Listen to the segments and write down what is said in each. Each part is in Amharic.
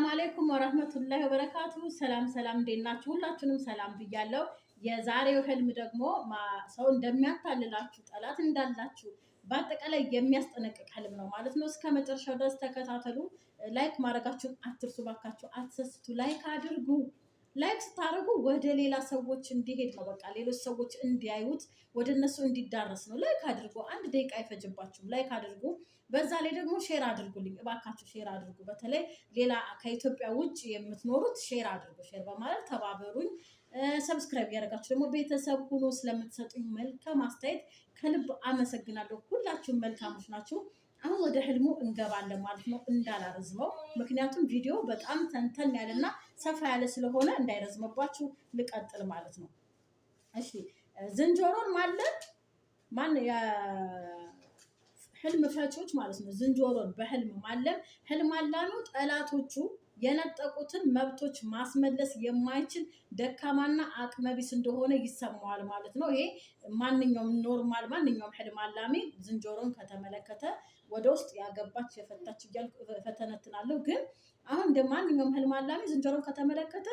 ሰላም አለይኩም ወረህመቱላሂ ወበረካቱ። ሰላም ሰላም፣ እንዴት ናችሁ? ሁላችሁንም ሰላም ብያለሁ። የዛሬው ህልም ደግሞ ሰው እንደሚያታልላችሁ፣ ጠላት እንዳላችሁ በአጠቃላይ የሚያስጠነቅቅ ህልም ነው ማለት ነው። እስከ መጨረሻው ድረስ ተከታተሉ። ላይክ ማድረጋችሁን አትርሱ ባካችሁ፣ አትሰስቱ። ላይክ አድርጉ። ላይክ ስታደርጉ ወደ ሌላ ሰዎች እንዲሄድ ነው። በቃ ሌሎች ሰዎች እንዲያዩት፣ ወደ እነሱ እንዲዳረስ ነው። ላይክ አድርጉ። አንድ ደቂቃ አይፈጅባችሁም። ላይክ አድርጉ። በዛ ላይ ደግሞ ሼር አድርጉልኝ እባካችሁ፣ ሼር አድርጉ። በተለይ ሌላ ከኢትዮጵያ ውጭ የምትኖሩት ሼር አድርጉ። ሼር በማለት ተባበሩኝ። ሰብስክራይብ ያደረጋችሁ ደግሞ ቤተሰብ ሁኖ ስለምትሰጡኝ መልካም አስተያየት ከልብ አመሰግናለሁ። ሁላችሁም መልካሞች ናችሁ። አሁን ወደ ህልሙ እንገባለን ማለት ነው፣ እንዳላረዝመው። ምክንያቱም ቪዲዮ በጣም ተንተን ያለና ሰፋ ያለ ስለሆነ እንዳይረዝመባችሁ ልቀጥል ማለት ነው። እሺ ዝንጀሮን ማለ ማን ህልም ፈቾች ማለት ነው። ዝንጀሮን በህልም ማለም ህልም አላሚው ጠላቶቹ የነጠቁትን መብቶች ማስመለስ የማይችል ደካማና አቅመቢስ እንደሆነ ይሰማዋል ማለት ነው። ይሄ ማንኛውም ኖርማል ማንኛውም ህልም አላሚ ዝንጀሮን ከተመለከተ ወደ ውስጥ ያገባች የፈታች እያልኩ እፈተነትናለሁ ግን አሁን እንደ ማንኛውም ህልም አላሚ ከተመለከተ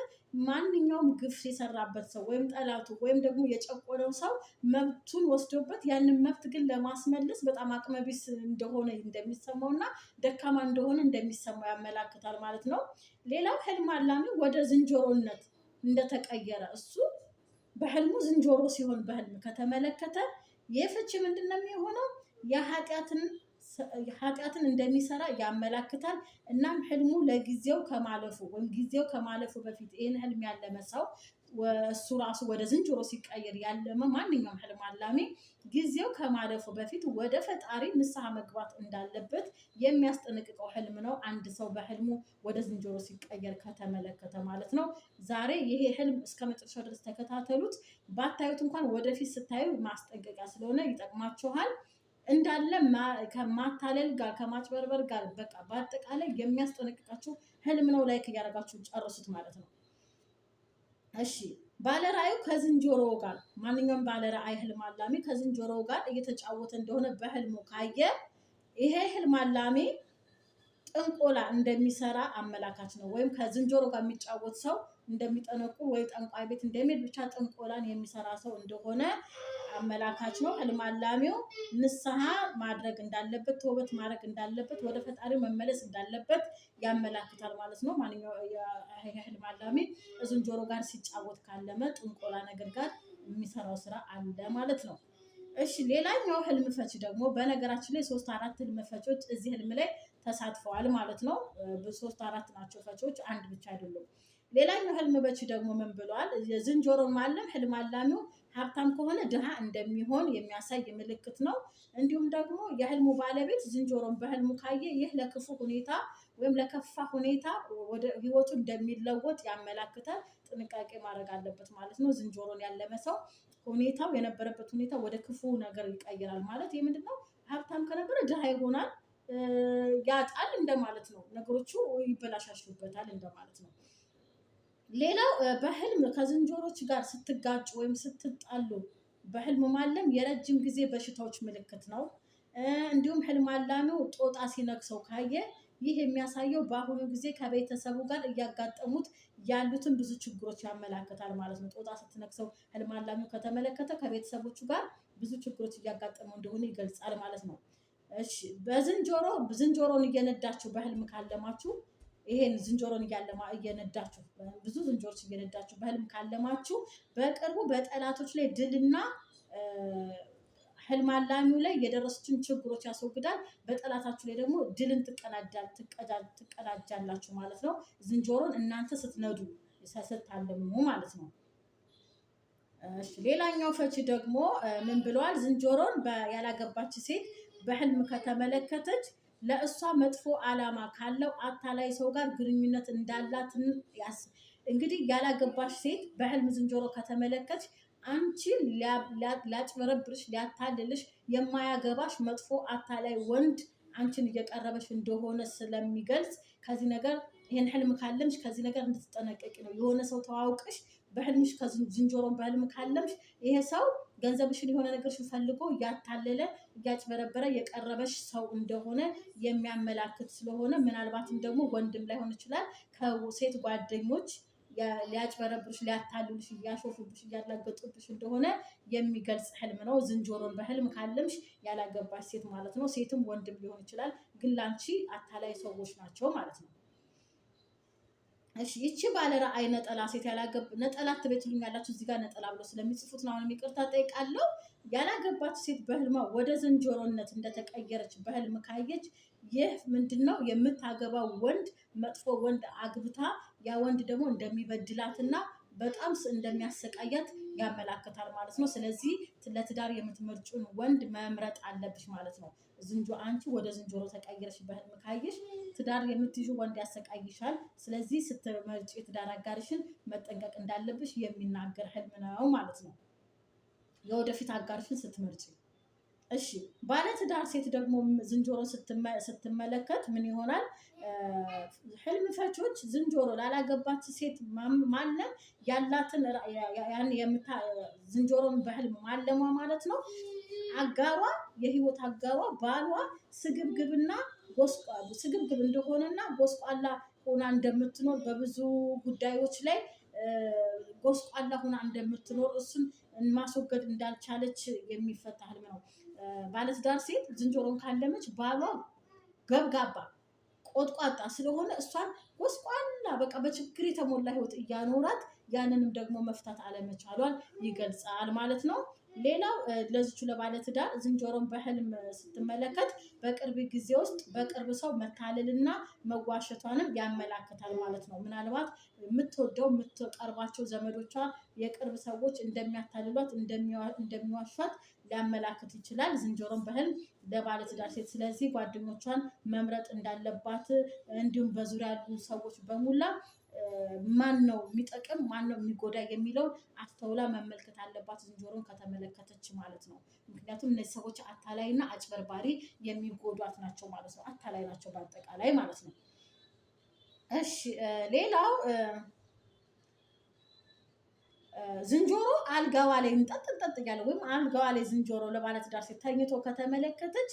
ማንኛውም ግፍ የሰራበት ሰው ወይም ጠላቱ ወይም ደግሞ የጨቆነው ሰው መብቱን ወስዶበት ያንን መብት ግን ለማስመለስ በጣም አቅመቢስ እንደሆነ እንደሚሰማው እና ደካማ እንደሆነ እንደሚሰማው ያመላክታል ማለት ነው። ሌላው ህልም አላሚ ወደ ዝንጀሮነት እንደተቀየረ እሱ በህልሙ ዝንጀሮ ሲሆን በህልም ከተመለከተ ይህ ፍቺ ምንድን ነው የሚሆነው? የኃጢአትን ኃጢአትን እንደሚሰራ ያመላክታል። እናም ህልሙ ለጊዜው ከማለፉ ወይም ጊዜው ከማለፉ በፊት ይህን ህልም ያለመ ሰው እሱ ራሱ ወደ ዝንጀሮ ሲቀየር ያለመ ማንኛውም ህልም አላሚ ጊዜው ከማለፉ በፊት ወደ ፈጣሪ ንስሐ መግባት እንዳለበት የሚያስጠነቅቀው ህልም ነው። አንድ ሰው በህልሙ ወደ ዝንጀሮ ሲቀየር ከተመለከተ ማለት ነው። ዛሬ ይሄ ህልም እስከ መጨረሻው ድረስ ተከታተሉት። ባታዩት እንኳን ወደፊት ስታዩ ማስጠንቀቂያ ስለሆነ ይጠቅማችኋል። እንዳለ ከማታለል ጋር ከማጭበርበር ጋር በቃ በአጠቃላይ የሚያስጠነቅቃችሁ ህልም ነው። ላይክ እያደረጋችሁ ጨርሱት ማለት ነው። እሺ ባለራእዩ ከዝንጀሮ ጋር ማንኛውም ባለራእይ ህልም አላሚ ከዝንጀሮ ጋር እየተጫወተ እንደሆነ በህልሙ ካየ ይሄ ህልም አላሚ ጥንቆላ እንደሚሰራ አመላካች ነው። ወይም ከዝንጀሮ ጋር የሚጫወት ሰው እንደሚጠነቁ ወይ ጠንቋይ ቤት እንደሚሄድ ብቻ ጥንቆላን የሚሰራ ሰው እንደሆነ አመላካች ነው። ህልም አላሚው ንስሐ ማድረግ እንዳለበት፣ ተውበት ማድረግ እንዳለበት፣ ወደ ፈጣሪው መመለስ እንዳለበት ያመላክታል ማለት ነው። ማንኛው ህልም አላሚ ዝንጀሮ ጋር ሲጫወት ካለመ ጥንቆላ ነገር ጋር የሚሰራው ስራ አለ ማለት ነው። እሺ ሌላኛው ህልም ፈች ደግሞ በነገራችን ላይ ሶስት አራት ህልም ፈቾች እዚህ ህልም ላይ ተሳትፈዋል ማለት ነው። ሶስት አራት ናቸው ፈቾች፣ አንድ ብቻ አይደሉም። ሌላኛው ህልም በቺ ደግሞ ምን ብሏል? የዝንጀሮ ማለም ህልም አላሚው ሀብታም ከሆነ ድሃ እንደሚሆን የሚያሳይ ምልክት ነው። እንዲሁም ደግሞ የህልሙ ባለቤት ዝንጀሮን በህልሙ ካየ ይህ ለክፉ ሁኔታ ወይም ለከፋ ሁኔታ ወደ ህይወቱ እንደሚለወጥ ያመላክታል። ጥንቃቄ ማድረግ አለበት ማለት ነው። ዝንጀሮን ያለመ ሰው ሁኔታው የነበረበት ሁኔታ ወደ ክፉ ነገር ይቀይራል ማለት ይህ ምንድን ነው? ሀብታም ከነበረ ድሃ ይሆናል፣ ያጣል እንደማለት ነው። ነገሮቹ ይበላሻሽሉበታል እንደማለት ነው። ሌላው በህልም ከዝንጀሮች ጋር ስትጋጩ ወይም ስትጣሉ በህልም ማለም የረጅም ጊዜ በሽታዎች ምልክት ነው። እንዲሁም ህልም አላሚው ጦጣ ሲነክሰው ካየ ይህ የሚያሳየው በአሁኑ ጊዜ ከቤተሰቡ ጋር እያጋጠሙት ያሉትን ብዙ ችግሮች ያመላክታል ማለት ነው። ጦጣ ስትነክሰው ህልም አላሚው ከተመለከተ ከቤተሰቦቹ ጋር ብዙ ችግሮች እያጋጠመው እንደሆነ ይገልጻል ማለት ነው። እሺ በዝንጀሮ ዝንጀሮን እየነዳችሁ በህልም ካለማችሁ ይሄን ዝንጀሮን እያለማ እየነዳችሁ ብዙ ዝንጀሮች እየነዳችሁ በህልም ካለማችሁ በቅርቡ በጠላቶች ላይ ድልና ህልም አላሚው ላይ የደረሱትን ችግሮች ያስወግዳል። በጠላታችሁ ላይ ደግሞ ድልን ትቀዳጃላችሁ ማለት ነው። ዝንጀሮን እናንተ ስትነዱ ስታልሙ ማለት ነው። ሌላኛው ፈቺ ደግሞ ምን ብለዋል? ዝንጀሮን ያላገባች ሴት በህልም ከተመለከተች ለእሷ መጥፎ ዓላማ ካለው አታላይ ሰው ጋር ግንኙነት እንዳላት እንግዲህ ያላገባሽ ሴት በህልም ዝንጀሮ ከተመለከች አንቺን ሊያጭበረብርሽ ሊያታልልሽ የማያገባሽ መጥፎ አታላይ ወንድ አንቺን እየቀረበሽ እንደሆነ ስለሚገልጽ ከዚህ ነገር ይህን ህልም ካለምሽ ከዚህ ነገር እንድትጠነቀቂ ነው። የሆነ ሰው ተዋውቅሽ በህልምሽ ከዝንጀሮን በህልም ካለምሽ ይሄ ሰው ገንዘብሽን የሆነ ነገርሽን ፈልጎ እያታለለ እያጭበረበረ የቀረበሽ ሰው እንደሆነ የሚያመላክት ስለሆነ ምናልባትም ደግሞ ወንድም ላይሆን ይችላል ከሴት ጓደኞች ሊያጭበረብርሽ፣ ሊያታልልሽ፣ እያሾፉብሽ እያላገጡብሽ እንደሆነ የሚገልጽ ህልም ነው። ዝንጀሮን በህልም ካለምሽ ያላገባሽ ሴት ማለት ነው። ሴትም ወንድም ሊሆን ይችላል። ግን ላንቺ አታላይ ሰዎች ናቸው ማለት ነው። እሺ ይቺ ባለ ራዕይ ነጠላ ሴት ያላገብ ነጠላ ትቤትልኝ ያላችሁ እዚህ ጋር ነጠላ ብሎ ስለሚጽፉት ነው። አሁንም ይቅርታ ጠይቃለሁ። ያላገባች ሴት በህልማ ወደ ዝንጀሮነት እንደተቀየረች በህልም ካየች ይህ ምንድን ነው? የምታገባው ወንድ መጥፎ ወንድ አግብታ ያ ወንድ ደግሞ እንደሚበድላትና በጣም እንደሚያሰቃያት ያመላክታል ማለት ነው። ስለዚህ ለትዳር የምትመርጩን ወንድ መምረጥ አለብሽ ማለት ነው። ዝንጆ አንቺ ወደ ዝንጀሮ ተቀይረሽ በህልም ካየሽ ትዳር የምትይዙ ወንድ ያሰቃይሻል። ስለዚህ ስትመርጭ የትዳር አጋርሽን መጠንቀቅ እንዳለብሽ የሚናገር ህልም ነው ማለት ነው። የወደፊት አጋርሽን ስትመርጭ። እሺ ባለ ትዳር ሴት ደግሞ ዝንጀሮ ስትመለከት ምን ይሆናል? ህልም ፈቾች ዝንጀሮ ላላገባች ሴት ማለም ያላትን ዝንጀሮን በህልም ማለሟ ማለት ነው አጋሯ የህይወት አጋሯ ባሏ ስግብግብና ስግብግብ እንደሆነና ጎስቋላ ሆና እንደምትኖር በብዙ ጉዳዮች ላይ ጎስቋላ ሆና እንደምትኖር እሱን ማስወገድ እንዳልቻለች የሚፈታ ህልም ነው። ባለትዳር ሴት ዝንጀሮን ካለመች ባሏ ገብጋባ ቆጥቋጣ ስለሆነ እሷን ጎስቋላ በቃ በችግር የተሞላ ህይወት እያኖራት ያንንም ደግሞ መፍታት አለመቻሏን ይገልጻል ማለት ነው። ሌላው ለዚቹ ለባለትዳር ዝንጀሮን በህልም ስትመለከት በቅርብ ጊዜ ውስጥ በቅርብ ሰው መታለልና መዋሸቷንም ያመላክታል ማለት ነው። ምናልባት የምትወደው የምትቀርባቸው ዘመዶቿ የቅርብ ሰዎች እንደሚያታልሏት እንደሚዋሿት ሊያመላክት ይችላል። ዝንጀሮን በህልም ለባለትዳር ሴት ስለዚህ ጓደኞቿን መምረጥ እንዳለባት እንዲሁም በዙሪያ ያሉ ሰዎች በሙላ ማን ነው የሚጠቅም ማን ነው የሚጎዳ የሚለውን አስተውላ መመልከት አለባት፣ ዝንጀሮን ከተመለከተች ማለት ነው። ምክንያቱም እነዚህ ሰዎች አታላይ እና አጭበርባሪ የሚጎዷት ናቸው ማለት ነው። አታላይ ናቸው በአጠቃላይ ማለት ነው። እሺ ሌላው ዝንጀሮ አልጋዋ ላይ እንጠጥንጠጥ እያለ ወይም አልጋዋ ላይ ዝንጀሮ ለባለትዳር ሴት ተኝቶ ከተመለከተች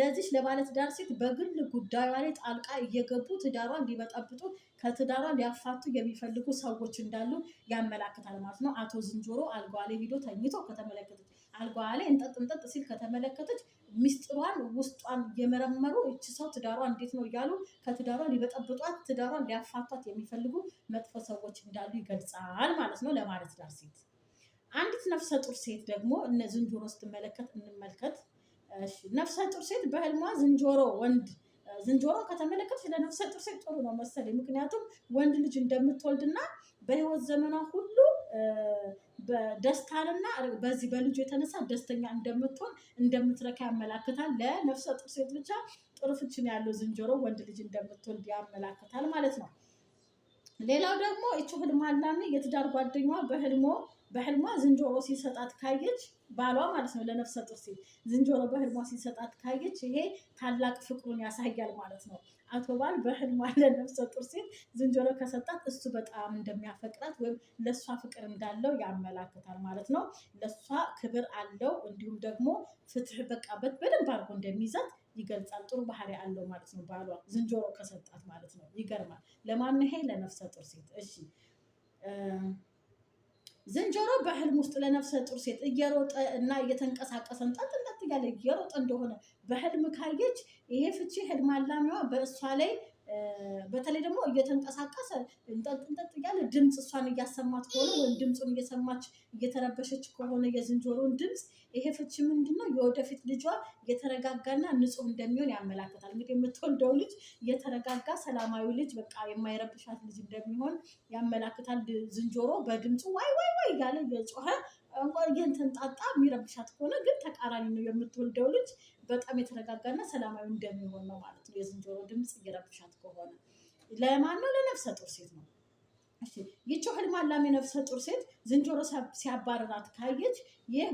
ለዚች ለባለትዳር ሴት በግል ጉዳዩ ላይ ጣልቃ እየገቡ ትዳሯን ሊበጠብጡ ከትዳሯ ሊያፋቱ የሚፈልጉ ሰዎች እንዳሉ ያመላክታል ማለት ነው። አቶ ዝንጆሮ አልጋዋ ላይ ሂዶ ተኝቶ ከተመለከተች አልጓ ላይ እንጠጥ እንጠጥ ሲል ከተመለከተች ሚስጥሯን ውስጧን የመረመሩ እች ሰው ትዳሯ እንዴት ነው እያሉ ከትዳሯ ሊበጠብጧት ትዳሯን ሊያፋቷት የሚፈልጉ መጥፎ ሰዎች እንዳሉ ይገልጻል ማለት ነው። ለማለት ትዳር ሴት አንዲት ነፍሰ ጡር ሴት ደግሞ እነ ዝንጀሮ ስትመለከት እንመልከት። ነፍሰ ጡር ሴት በህልሟ ዝንጀሮ ወንድ ዝንጀሮ ከተመለከተች ለነፍሰ ጡር ሴት ጥሩ ነው መሰለኝ። ምክንያቱም ወንድ ልጅ እንደምትወልድና በህይወት ዘመኗ ሁሉ ደስታንና በዚህ በልጁ የተነሳ ደስተኛ እንደምትሆን እንደምትረካ ያመላክታል። ለነፍሰ ጡር ሴት ብቻ ጥሩ ፍቺ ያለው ዝንጀሮ ወንድ ልጅ እንደምትወልድ ያመላክታል ማለት ነው። ሌላው ደግሞ ይቺ ህልም አላሚ የትዳር ጓደኛዋ በህልሞ በህልሟ ዝንጀሮ ሲሰጣት ካየች ባሏ ማለት ነው ለነፍሰ ጡር ሴት ዝንጀሮ በህልሟ ሲሰጣት ካየች ይሄ ታላቅ ፍቅሩን ያሳያል ማለት ነው። አቶ ባል በህልሟ ለነፍሰ ጡር ሴት ዝንጀሮ ከሰጣት እሱ በጣም እንደሚያፈቅራት ወይም ለእሷ ፍቅር እንዳለው ያመላክታል ማለት ነው። ለእሷ ክብር አለው እንዲሁም ደግሞ ፍትህ በቃበት በደንብ አድርጎ እንደሚይዛት ይገልጻል። ጥሩ ባህሪ አለው ማለት ነው። ባሏ ዝንጀሮ ከሰጣት ማለት ነው። ይገርማል። ለማን ይሄ? ለነፍሰ ጡር ሴት። እሺ ዝንጀሮ በህልም ውስጥ ለነፍሰ ጡር ሴት እየሮጠ እና እየተንቀሳቀሰ እንጣት እንጣት እያለ እየሮጠ እንደሆነ በህልም ካየች ይሄ ፍቺ ህልም አላሚዋ በእሷ ላይ በተለይ ደግሞ እየተንቀሳቀሰ እንጠጥንጠጥ እያለ ድምፅ እሷን እያሰማት ከሆነ ወይም ድምፁን እየሰማች እየተረበሸች ከሆነ የዝንጀሮውን ድምፅ ይሄ ፍቺ ምንድን ነው? የወደፊት ልጇ እየተረጋጋና ንጹህ እንደሚሆን ያመላክታል። እንግዲህ የምትወልደው ልጅ እየተረጋጋ ሰላማዊ ልጅ በቃ የማይረብሻት ልጅ እንደሚሆን ያመላክታል። ዝንጀሮ በድምፁ ዋይ ዋይ ዋይ እያለ እየጮኸ እንኳን ግን ተንጣጣ የሚረብሻት ከሆነ ግን ተቃራኒ ነው የምትወልደው ልጅ በጣም የተረጋጋና ሰላማዊ እንደሚሆን ነው ማለት ነው። የዝንጀሮ ድምፅ እየረብሻት ከሆነ ለማን ነው? ለነፍሰ ጡር ሴት ነው። ይቺው ህልም አላሚ ነፍሰ ጡር ሴት ዝንጀሮ ሲያባረራት ካየች ይህ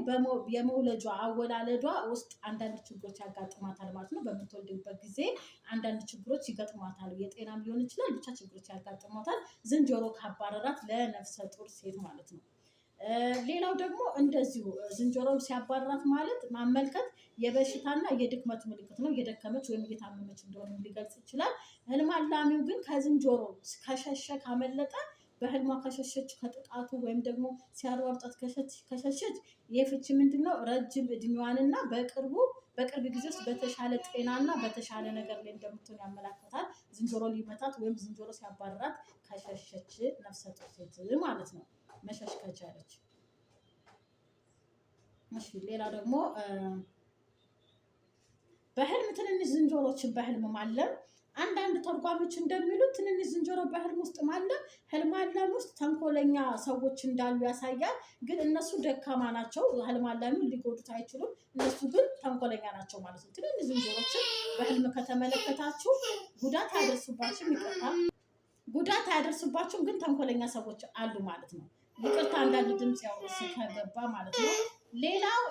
የመውለጇ አወላለዷ ውስጥ አንዳንድ ችግሮች ያጋጥማታል ማለት ነው። በምትወልድበት ጊዜ አንዳንድ ችግሮች ይገጥሟታል። የጤናም ሊሆን ይችላል፣ ብቻ ችግሮች ያጋጥሟታል ዝንጀሮ ካባረራት ለነፍሰ ጡር ሴት ማለት ነው። ሌላው ደግሞ እንደዚሁ ዝንጀሮው ሲያባራት ማለት ማመልከት የበሽታና የድክመት ምልክት ነው። እየደከመች ወይም እየታመመች እንደሆነ ሊገልጽ ይችላል። ህልም አላሚው ግን ከዝንጀሮ ከሸሸ ካመለጠ በህልሟ ከሸሸች ከጥቃቱ ወይም ደግሞ ሲያሯርጣት ከሸሸች ይህ ምንድን ነው? ረጅም እድሜዋንና በቅርቡ በቅርብ ጊዜ ውስጥ በተሻለ ጤናና በተሻለ ነገር ላይ እንደምትሆን ያመላክታል። ዝንጀሮ ሊመታት ወይም ዝንጀሮ ሲያባራት ከሸሸች ነፍሰ ጡር ሴት ማለት ነው። መሸሽ ከቻለች። እሺ፣ ሌላ ደግሞ በህልም ትንንሽ ዝንጀሮችን በህልም ማለም። አንዳንድ ተርጓሚዎች እንደሚሉት ትንንሽ ዝንጀሮ በህልም ውስጥ ማለም ህልም አላሚ ውስጥ ተንኮለኛ ሰዎች እንዳሉ ያሳያል። ግን እነሱ ደካማ ናቸው፣ ህልም አላሚውን ሊጎዱት አይችሉም። እነሱ ግን ተንኮለኛ ናቸው ማለት ነው። ትንንሽ ዝንጀሮችን በህልም ከተመለከታችሁ ጉዳት አያደርሱባችሁም፣ ይቀጣል፣ ጉዳት አያደርሱባችሁም። ግን ተንኮለኛ ሰዎች አሉ ማለት ነው። ይቅርታ አንዳንድ ድምፅ ያው ከገባ ማለት ነው። ሌላው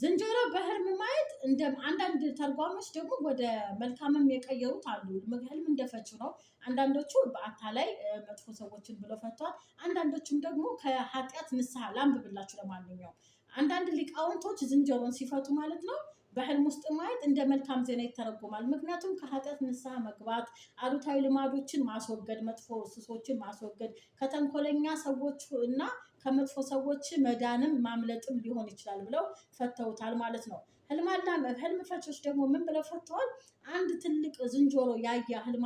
ዝንጀሮ በህልም ማየት እንደ አንዳንድ ተርጓሞች ደግሞ ወደ መልካምም የቀየሩት አሉ። ህልም እንደፈች ነው። አንዳንዶቹ በአታ ላይ መጥፎ ሰዎችን ብሎ ፈቷል። አንዳንዶቹም ደግሞ ከኃጢአት ንስሐ ላንብብላችሁ። ለማንኛውም አንዳንድ ሊቃውንቶች ዝንጀሮን ሲፈቱ ማለት ነው በህልም ውስጥ ማየት እንደ መልካም ዜና ይተረጎማል። ምክንያቱም ከኃጢአት ንስሐ መግባት፣ አሉታዊ ልማዶችን ማስወገድ፣ መጥፎ ሱሶችን ማስወገድ፣ ከተንኮለኛ ሰዎች እና ከመጥፎ ሰዎች መዳንም ማምለጥም ሊሆን ይችላል ብለው ፈተውታል ማለት ነው። ህልም አላሚ ህልም ፈቾች ደግሞ ምን ብለው ፈተዋል? አንድ ትልቅ ዝንጀሮ ያየ ህልም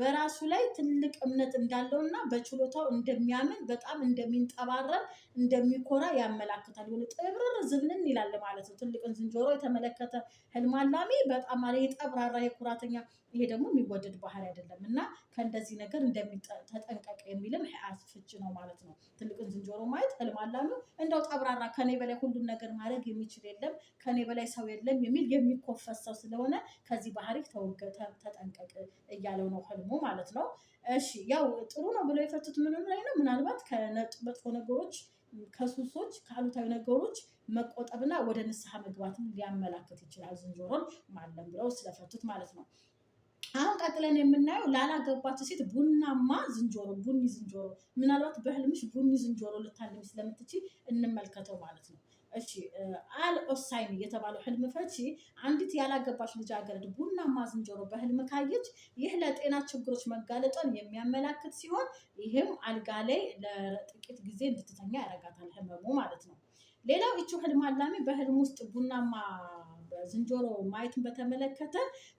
በራሱ ላይ ትልቅ እምነት እንዳለውና በችሎታው እንደሚያምን በጣም እንደሚንጠባረር እንደሚኮራ ያመላክታል። የሆነ ጥብርር ዝብንን ይላል ማለት ነው። ትልቅን ዝንጀሮ የተመለከተ ህልም አላሚ በጣም አለ የጠብራራ የኩራተኛ። ይሄ ደግሞ የሚወደድ ባህሪ አይደለም እና ከእንደዚህ ነገር እንደሚጠንቀቅ የሚልም ሀያት ፍቺ ነው ማለት ነው። ትልቅን ዝንጀሮ ማየት ህልም አላሚው እንደው ጠብራራ ከኔ በላይ ሁሉን ነገር ማድረግ የሚችል የለም ከኔ በላይ ሰው የለም የሚል የሚኮፈስ ሰው ስለሆነ ከዚህ ባህሪ ተጠንቀቅ እያለው ነው ህልም ደግሞ ማለት ነው። እሺ ያው ጥሩ ነው ብለው የፈቱት ምንም ላይ ነው። ምናልባት መጥፎ ነገሮች፣ ከሱሶች፣ ከአሉታዊ ነገሮች መቆጠብና ወደ ንስሐ መግባትን ሊያመላክት ይችላል ዝንጀሮን ማለም ብለው ስለፈቱት ማለት ነው። አሁን ቀጥለን የምናየው ላላገባችው ሴት ቡናማ ዝንጀሮ፣ ቡኒ ዝንጀሮ ምናልባት በህልምሽ ቡኒ ዝንጀሮ ልታልሚ ስለምትችል እንመልከተው ማለት ነው። እሺ አል ኦሳይን የተባለው ህልም ፈቺ አንዲት ያላገባች ልጃገረድ ቡናማ ዝንጀሮ በህልም ካየች ይህ ለጤና ችግሮች መጋለጧን የሚያመላክት ሲሆን ይህም አልጋ ላይ ለጥቂት ጊዜ እንድትተኛ ያደርጋታል፣ ህመሙ ማለት ነው። ሌላው ይቺ ህልም አላሚ በህልም ውስጥ ቡናማ ዝንጀሮ ማየትን በተመለከተ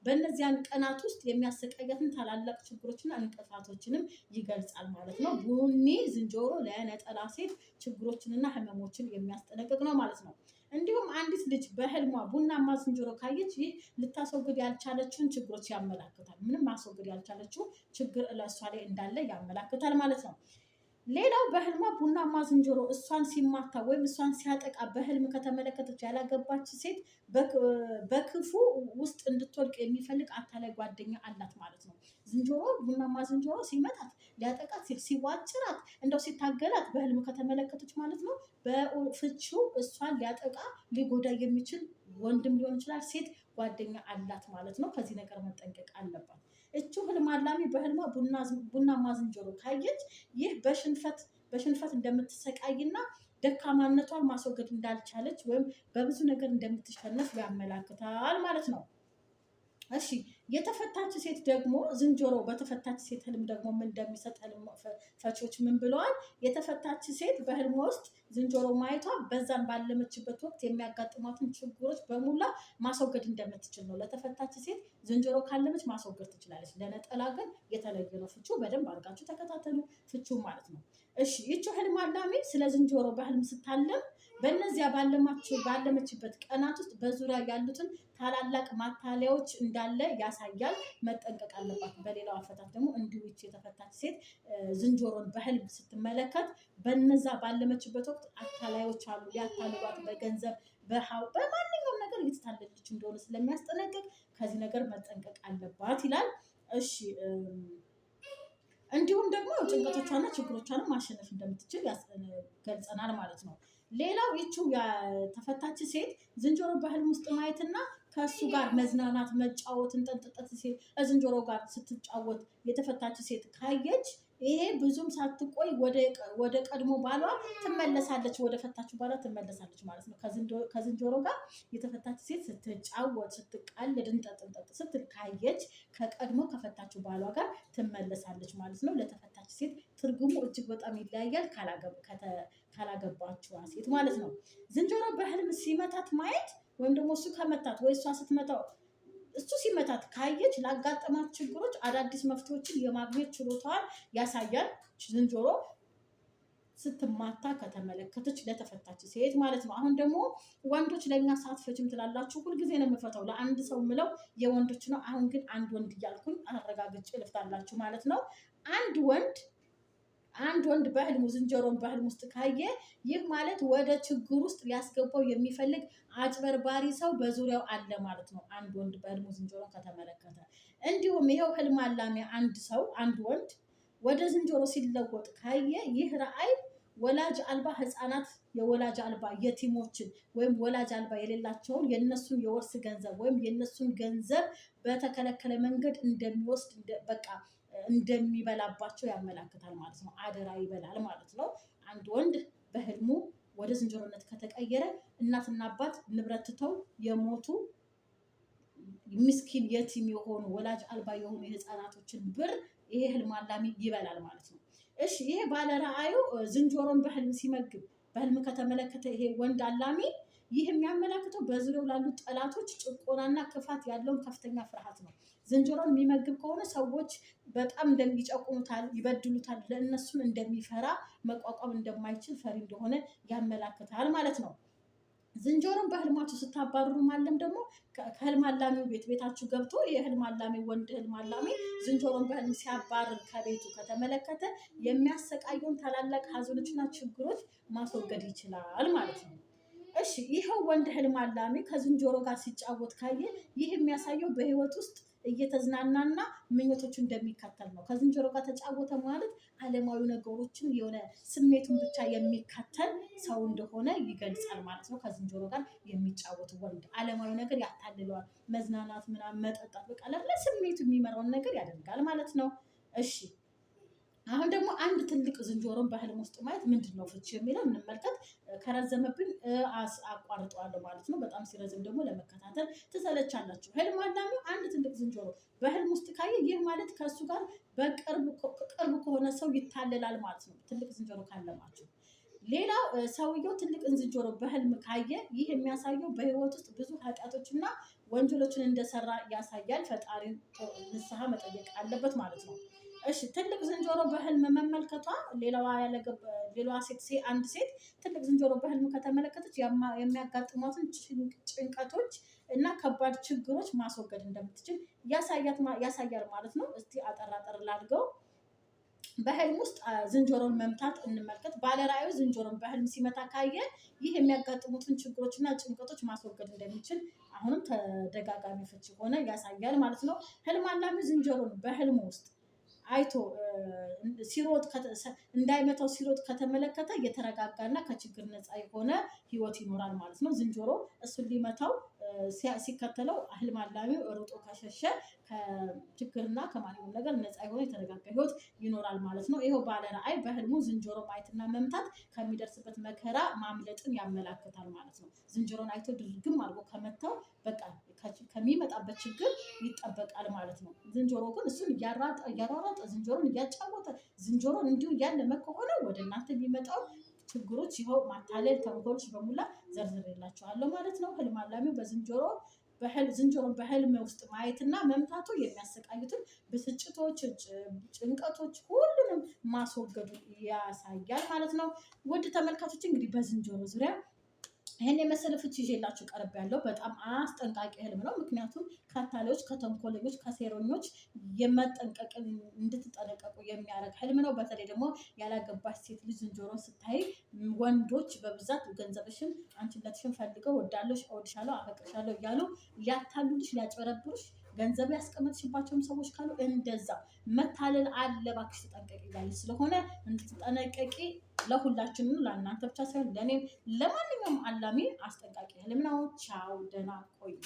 በእነዚያን ቀናት ውስጥ የሚያሰቃያትን ታላላቅ ችግሮችና እንቅፋቶችንም ይገልጻል ማለት ነው። ቡኒ ዝንጀሮ ለነጠላ ሴት ችግሮችንና ህመሞችን የሚያስጠነቅቅ ነው ማለት ነው። እንዲሁም አንዲት ልጅ በህልሟ ቡናማ ዝንጀሮ ካየች ይህ ልታስወግድ ያልቻለችውን ችግሮች ያመላክታል። ምንም ማስወግድ ያልቻለችው ችግር እለሷ ላይ እንዳለ ያመላክታል ማለት ነው። ሌላው በህልሟ ቡናማ ዝንጀሮ እሷን ሲማታ ወይም እሷን ሲያጠቃ በህልም ከተመለከተች ያላገባች ሴት በክፉ ውስጥ እንድትወድቅ የሚፈልግ አታላይ ጓደኛ አላት ማለት ነው። ዝንጀሮ ቡናማ ዝንጀሮ ሲመታት፣ ሊያጠቃት፣ ሲዋጭራት፣ እንደው ሲታገላት በህልም ከተመለከተች ማለት ነው በፍቺው እሷን ሊያጠቃ ሊጎዳ የሚችል ወንድም ሊሆን ይችላል ሴት ጓደኛ አላት ማለት ነው። ከዚህ ነገር መጠንቀቅ አለባት። እቹ ህልም አላሚ በህልማ ቡናማ ዝንጀሮ ካየች ይህ በሽንፈት በሽንፈት እንደምትሰቃይና ደካማነቷን ማስወገድ እንዳልቻለች ወይም በብዙ ነገር እንደምትሸነፍ ያመላክታል ማለት ነው። እሺ የተፈታች ሴት ደግሞ ዝንጀሮ በተፈታች ሴት ህልም ደግሞ ምን እንደሚሰጥ ህልም ፈቾች ምን ብለዋል? የተፈታች ሴት በህልም ውስጥ ዝንጀሮ ማየቷ በዛን ባለመችበት ወቅት የሚያጋጥሟትን ችግሮች በሙላ ማስወገድ እንደምትችል ነው። ለተፈታች ሴት ዝንጀሮ ካለመች ማስወገድ ትችላለች። ለነጠላ ግን የተለየ ነው። ፍቹ በደንብ አድርጋችሁ ተከታተሉ። ፍቹ ማለት ነው። እሺ ይቺ ህልም አላሚ ስለ ዝንጀሮ በህልም ስታለም በእነዚያ ባለመችበት ቀናት ውስጥ በዙሪያ ያሉትን ታላላቅ ማታለያዎች እንዳለ ያሳያል። መጠንቀቅ አለባት። በሌላው አፈታት ደግሞ እንዲሁች የተፈታች ሴት ዝንጀሮን በህልም ስትመለከት በነዛ ባለመችበት ወቅት አታላዮች አሉ ሊያታልሏት በገንዘብ በሀው በማንኛውም ነገር ልትታለለች እንደሆነ ስለሚያስጠነቅቅ ከዚህ ነገር መጠንቀቅ አለባት ይላል። እሺ እንዲሁም ደግሞ ጭንቀቶቿና ችግሮቿንም ማሸነፍ እንደምትችል ገልጸናል ማለት ነው። ሌላው ይቺው የተፈታች ሴት ዝንጀሮ በህልም ውስጥ ማየትና ከእሱ ጋር መዝናናት መጫወት እንጠንጥጠት ሴት ከዝንጀሮ ጋር ስትጫወት የተፈታች ሴት ካየች ይሄ ብዙም ሳትቆይ ወደ ቀድሞ ባሏ ትመለሳለች፣ ወደ ፈታች ባሏ ትመለሳለች ማለት ነው። ከዝንጀሮ ጋር የተፈታች ሴት ስትጫወት ስትቃልድ እንጠጥንጠጥ እንጠጥ ስትል ካየች ከቀድሞ ከፈታች ባሏ ጋር ትመለሳለች ማለት ነው። ለተፈታች ሴት ትርጉሙ እጅግ በጣም ይለያያል። ካላገባችዋ ሴት ማለት ነው። ዝንጀሮ በህልም ሲመታት ማየት ወይም ደግሞ እሱ ከመታት ወይ እሷ ስትመታው እሱ ሲመታት ካየች ላጋጠማት ችግሮች አዳዲስ መፍትሄዎችን የማግኘት ችሎታዋን ያሳያል። ዝንጀሮ ስትማታ ከተመለከተች ለተፈታች ሴት ማለት ነው። አሁን ደግሞ ወንዶች ለእኛ ሰዓት ፈጅም ትላላችሁ። ሁልጊዜ ነው የምፈታው ለአንድ ሰው ምለው የወንዶች ነው። አሁን ግን አንድ ወንድ እያልኩኝ አረጋግጬ ልፍታላችሁ ማለት ነው። አንድ ወንድ አንድ ወንድ በህልሙ ዝንጀሮን በህልም ውስጥ ካየ ይህ ማለት ወደ ችግር ውስጥ ሊያስገባው የሚፈልግ አጭበርባሪ ሰው በዙሪያው አለ ማለት ነው። አንድ ወንድ በህልሙ ዝንጀሮን ከተመለከተ እንዲሁም ይኸው ህልም አላሚ አንድ ሰው አንድ ወንድ ወደ ዝንጀሮ ሲለወጥ ካየ ይህ ረአይ ወላጅ አልባ ህፃናት የወላጅ አልባ የቲሞችን ወይም ወላጅ አልባ የሌላቸውን የነሱን የወርስ ገንዘብ ወይም የነሱን ገንዘብ በተከለከለ መንገድ እንደሚወስድ በቃ እንደሚበላባቸው ያመላክታል ማለት ነው። አደራ ይበላል ማለት ነው። አንድ ወንድ በህልሙ ወደ ዝንጀሮነት ከተቀየረ እናትና አባት ንብረት ትተው የሞቱ ምስኪን የቲም የሆኑ ወላጅ አልባ የሆኑ የህፃናቶችን ብር ይሄ ህልም አላሚ ይበላል ማለት ነው። እሺ ይሄ ባለ ረአዩ ዝንጀሮን በህልም ሲመግብ በህልም ከተመለከተ ይሄ ወንድ አላሚ ይህ የሚያመላክተው በዙሪያው ላሉ ጠላቶች ጭቆናና ክፋት ያለውን ከፍተኛ ፍርሃት ነው። ዝንጀሮን የሚመግብ ከሆነ ሰዎች በጣም እንደሚጨቁኑታል፣ ይበድሉታል፣ ለእነሱም እንደሚፈራ መቋቋም እንደማይችል ፈሪ እንደሆነ ያመላክታል ማለት ነው። ዝንጀሮን በህልማችሁ ስታባርሩ ማለም ደግሞ ከህልም አላሚው ቤት ቤታችሁ ገብቶ የህልም አላሚ ወንድ ህልም አላሚ ዝንጀሮን በህልም ሲያባርር ከቤቱ ከተመለከተ የሚያሰቃየውን ታላላቅ ሀዘኖችና ችግሮች ማስወገድ ይችላል ማለት ነው። እሺ ይኸው ወንድ ህልም አላሚ ከዝንጀሮ ጋር ሲጫወት ካየ ይህ የሚያሳየው በህይወት ውስጥ እየተዝናናና ምኞቶቹ እንደሚካተል ነው። ከዝንጀሮ ጋር ተጫወተ ማለት አለማዊ ነገሮችን የሆነ ስሜቱን ብቻ የሚካተል ሰው እንደሆነ ይገልጻል ማለት ነው። ከዝንጀሮ ጋር የሚጫወት ወንድ አለማዊ ነገር ያታልለዋል። መዝናናት ምናምን፣ መጠጣት በቃ ለስሜቱ የሚመራውን ነገር ያደርጋል ማለት ነው። እሺ አሁን ደግሞ አንድ ትልቅ ዝንጀሮን በህልም ውስጥ ማየት ምንድን ነው ፍቺ የሚለው እንመልከት። ከረዘመብን አቋርጠዋለሁ ማለት ነው። በጣም ሲረዝም ደግሞ ለመከታተል ትሰለቻላችሁ። ህልም አላሚው አንድ ትልቅ ዝንጀሮ በህልም ውስጥ ካየ ይህ ማለት ከእሱ ጋር በቅርብ ከሆነ ሰው ይታለላል ማለት ነው። ትልቅ ዝንጀሮ ካለማችሁ ሌላው ሰውየው ትልቅ ዝንጀሮ በህልም ካየ ይህ የሚያሳየው በህይወት ውስጥ ብዙ ኃጢአቶችና ወንጀሎችን እንደሰራ ያሳያል። ፈጣሪን ንስሐ መጠየቅ አለበት ማለት ነው። እሺ ትልቅ ዝንጀሮ በህልም መመልከቷ ሌላዋ ያለገባ ሌላዋ ሴት አንድ ሴት ትልቅ ዝንጀሮ በህልም ከተመለከተች የሚያጋጥሟትን ጭንቀቶች እና ከባድ ችግሮች ማስወገድ እንደምትችል ያሳያል ማለት ነው። እስቲ አጠራጠር ላድርገው። በህልም ውስጥ ዝንጀሮን መምታት እንመልከት። ባለራዕዩ ዝንጀሮን በህልም ሲመታ ካየ ይህ የሚያጋጥሙትን ችግሮችና ጭንቀቶች ማስወገድ እንደሚችል አሁንም ተደጋጋሚ ፍች ሆነ ያሳያል ማለት ነው። ህልም አላሚው ዝንጀሮን በህልም ውስጥ አይቶ ሲሮጥ እንዳይመታው ሲሮጥ ከተመለከተ የተረጋጋና ከችግር ነፃ የሆነ ህይወት ይኖራል ማለት ነው። ዝንጀሮ እሱን ሊመታው ሲከተለው ህልም አላሚው ሮጦ ከሸሸ ከችግርና ከማንኛውም ነገር ነፃ የሆነ የተረጋጋ ህይወት ይኖራል ማለት ነው። ይኸው ባለ በህልሙ ዝንጀሮ ማየትና መምታት ከሚደርስበት መከራ ማምለጥን ያመላክታል ማለት ነው። ዝንጀሮን አይቶ ድርግም አድርጎ ከመታው በቃ ከሚመጣበት ችግር ይጠበቃል ማለት ነው። ዝንጀሮ ግን እሱን እያሯሯጠ ዝንጀሮን እያጫወተ ዝንጀሮን እንዲሁ እያለመ ከሆነ ወደ እናንተ የሚመጣው ችግሮች ይኸው ማታለል፣ ተንኮሎች በሙላ ዘርዝሬላቸዋለሁ ማለት ነው። ህልም አላሚው በዝንጀሮ በህልም ዝንጀሮን በህልም ውስጥ ማየትና መምታቱ የሚያሰቃዩትን ብስጭቶች፣ ጭንቀቶች ሁሉንም ማስወገዱ ያሳያል ማለት ነው። ውድ ተመልካቾች እንግዲህ በዝንጀሮ ዙሪያ ይህን የመሰለ ፍቺ ይዤላችሁ ቀርብ ያለው በጣም አስጠንቃቂ ህልም ነው። ምክንያቱም ከአታሌዎች፣ ከተንኮለኞች፣ ከሴረኞች የመጠንቀቅን እንድትጠነቀቁ የሚያደርግ ህልም ነው። በተለይ ደግሞ ያላገባች ሴት ልጅ ዝንጀሮ ስታይ ወንዶች በብዛት ገንዘብሽን፣ አንቺነትሽን ፈልገው ወዳለሽ፣ እወድሻለሁ፣ አፈቅርሻለሁ እያሉ ሊያታሉልሽ፣ ሊያጭበረብሩሽ ገንዘብ ያስቀመጥሽባቸውም ሰዎች ካሉ እንደዛ መታለል አለ። እባክሽ ተጠንቀቂ ጋር ስለሆነ እንድትጠነቀቂ ለሁላችንም ለእናንተ ብቻ ሳይሆን ለእኔም ለማንኛውም አላሚ አስጠንቃቂ። ለምናው ቻው፣ ደህና ቆዩ።